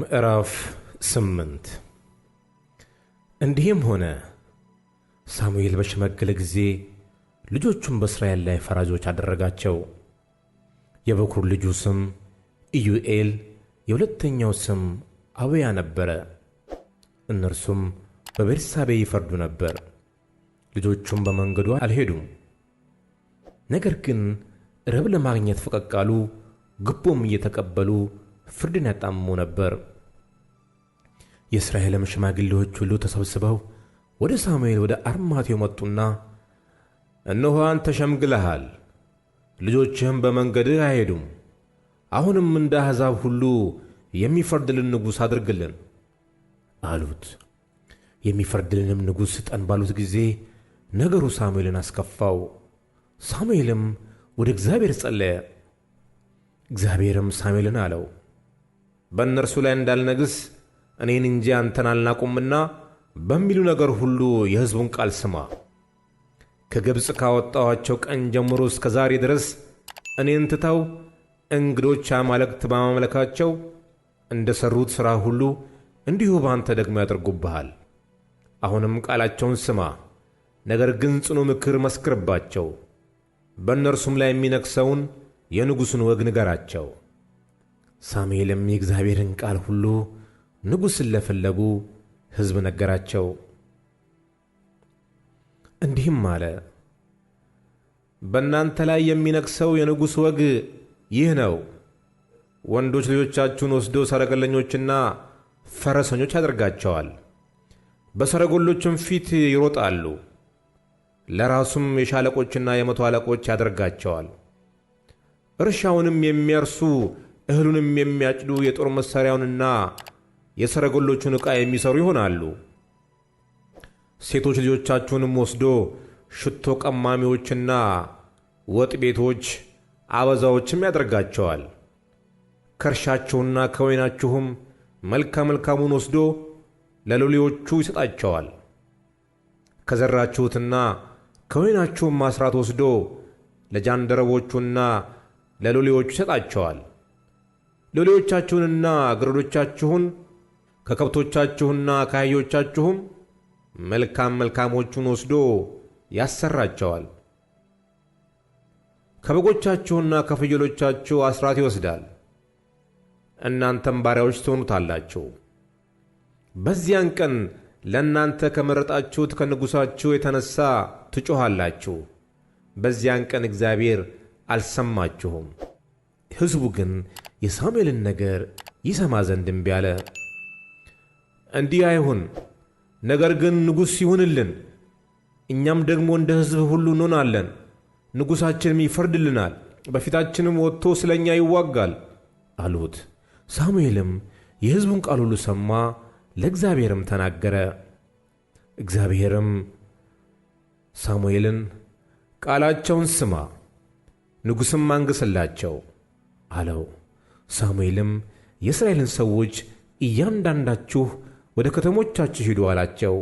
ምዕራፍ ስምንት እንዲህም ሆነ ሳሙኤል በሸመገለ ጊዜ ልጆቹን በእስራኤል ላይ ፈራጆች አደረጋቸው። የበኩር ልጁ ስም ኢዩኤል፣ የሁለተኛው ስም አብያ ነበረ። እነርሱም በቤርሳቤ ይፈርዱ ነበር። ልጆቹም በመንገዱ አልሄዱም፣ ነገር ግን ረብ ለማግኘት ፈቀቅ አሉ፣ ግቦም እየተቀበሉ ፍርድን ያጣምሙ ነበር። የእስራኤልም ሽማግሌዎች ሁሉ ተሰብስበው ወደ ሳሙኤል ወደ አርማቴው መጡና እነሆ አንተ ሸምግለሃል፣ ልጆችህም በመንገድህ አይሄዱም። አሁንም እንደ አሕዛብ ሁሉ የሚፈርድልን ንጉሥ አድርግልን አሉት። የሚፈርድልንም ንጉሥ ስጠን ባሉት ጊዜ ነገሩ ሳሙኤልን አስከፋው። ሳሙኤልም ወደ እግዚአብሔር ጸለየ። እግዚአብሔርም ሳሙኤልን አለው በእነርሱ ላይ እንዳልነግስ እኔን እንጂ አንተን አልናቁምና በሚሉ ነገር ሁሉ የሕዝቡን ቃል ስማ። ከግብፅ ካወጣኋቸው ቀን ጀምሮ እስከ ዛሬ ድረስ እኔን ትተው እንግዶች አማልክት በማመለካቸው እንደ ሠሩት ሥራ ሁሉ እንዲሁ በአንተ ደግሞ ያደርጉብሃል። አሁንም ቃላቸውን ስማ፣ ነገር ግን ጽኑ ምክር መስክርባቸው፣ በእነርሱም ላይ የሚነግሠውን የንጉሡን ወግ ንገራቸው። ሳሙኤልም የእግዚአብሔርን ቃል ሁሉ ንጉሥ ለፈለጉ ሕዝብ ነገራቸው። እንዲህም አለ፣ በእናንተ ላይ የሚነግሰው የንጉሥ ወግ ይህ ነው። ወንዶች ልጆቻችሁን ወስዶ ሰረገለኞችና ፈረሰኞች ያደርጋቸዋል። በሰረገሎችም ፊት ይሮጣሉ። ለራሱም የሻለቆችና የመቶ አለቆች ያደርጋቸዋል። እርሻውንም የሚያርሱ እህሉንም የሚያጭዱ የጦር መሣሪያውንና የሰረገሎቹን ዕቃ የሚሠሩ ይሆናሉ። ሴቶች ልጆቻችሁንም ወስዶ ሽቶ ቀማሚዎችና ወጥ ቤቶች አበዛዎችም ያደርጋቸዋል። ከእርሻችሁና ከወይናችሁም መልካም መልካሙን ወስዶ ለሎሌዎቹ ይሰጣቸዋል። ከዘራችሁትና ከወይናችሁም አስራት ወስዶ ለጃንደረቦቹና ለሎሌዎቹ ይሰጣቸዋል። ሎሌዎቻችሁንና ግረዶቻችሁን ከከብቶቻችሁና ከአህዮቻችሁም መልካም መልካሞቹን ወስዶ ያሰራቸዋል። ከበጎቻችሁና ከፍየሎቻችሁ አስራት ይወስዳል። እናንተም ባሪያዎች ትሆኑታላችሁ። በዚያን ቀን ለእናንተ ከመረጣችሁት ከንጉሣችሁ የተነሣ ትጮኻላችሁ። በዚያን ቀን እግዚአብሔር አልሰማችሁም። ሕዝቡ ግን የሳሙኤልን ነገር ይሰማ ዘንድ እምቢ አለ። እንዲህ አይሁን፣ ነገር ግን ንጉሥ ይሁንልን፣ እኛም ደግሞ እንደ ሕዝብ ሁሉ እንሆናለን፣ ንጉሣችንም ይፈርድልናል፣ በፊታችንም ወጥቶ ስለ እኛ ይዋጋል አሉት። ሳሙኤልም የሕዝቡን ቃል ሁሉ ሰማ፣ ለእግዚአብሔርም ተናገረ። እግዚአብሔርም ሳሙኤልን ቃላቸውን ስማ፣ ንጉሥም አንግሥላቸው አለው። ሳሙኤልም የእስራኤልን ሰዎች እያንዳንዳችሁ ወደ ከተሞቻችሁ ሂዱ አላቸው።